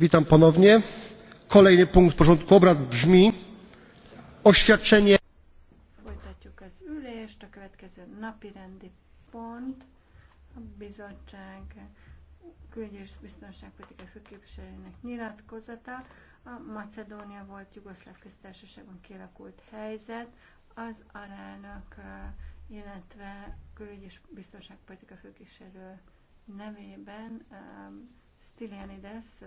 witam ponownie. kolejny punkt porządku obrad brzmi oświadczenie folytatjuk az ülést a következő napi rendi pont a bizottság külügy és biztonságpolitikai főképviselőjének nyilatkozata a Macedónia volt Jugoszláv köztársaságban kialakult helyzet, az alelnök, illetve külügy és biztonságpolitika főkísérő nevében um, Stylianides